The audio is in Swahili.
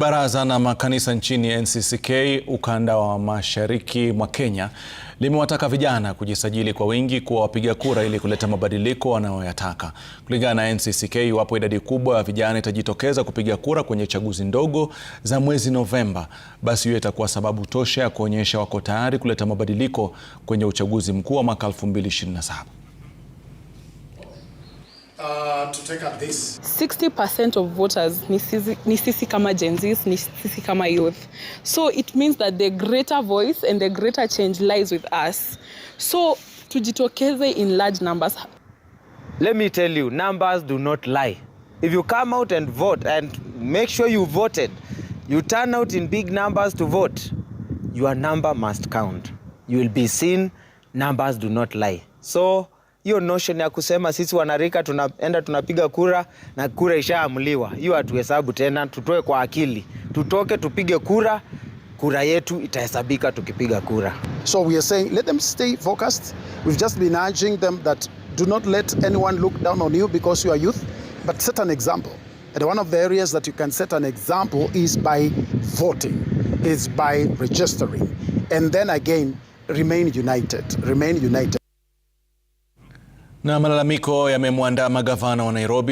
Baraza la Makanisa nchini NCCK ukanda wa mashariki mwa Kenya limewataka vijana kujisajili kwa wingi kuwa wapiga kura ili kuleta mabadiliko wanayoyataka. Kulingana na NCCK, iwapo idadi kubwa ya vijana itajitokeza kupiga kura kwenye chaguzi ndogo za mwezi Novemba, basi hiyo itakuwa sababu tosha ya kuonyesha wako tayari kuleta mabadiliko kwenye uchaguzi mkuu wa mwaka 2027. Uh, to take up this. 60% of voters ni sisi, ni sisi kama Gen ni sisi kama youth. So it means that the greater voice and the greater change lies with us. So tujitokeze in large numbers. Let me tell you, numbers do not lie. If you come out and vote and make sure you voted, you turn out in big numbers to vote, your number must count. You will be seen, numbers do not lie. So hiyo notion ya kusema sisi wanarika tunaenda tunapiga kura na kura ishaamliwa, hiyo hatuhesabu tena. Tutoe kwa akili, tutoke tupige kura, kura yetu itahesabika tukipiga kura. So we are saying let them stay focused. We've just been urging them that do not let anyone look down on you because you are youth, but set an example. And one of the areas that you can set an example is by voting, is by registering. And then again, remain united, remain united. Na malalamiko yamemwandaa magavana wa Nairobi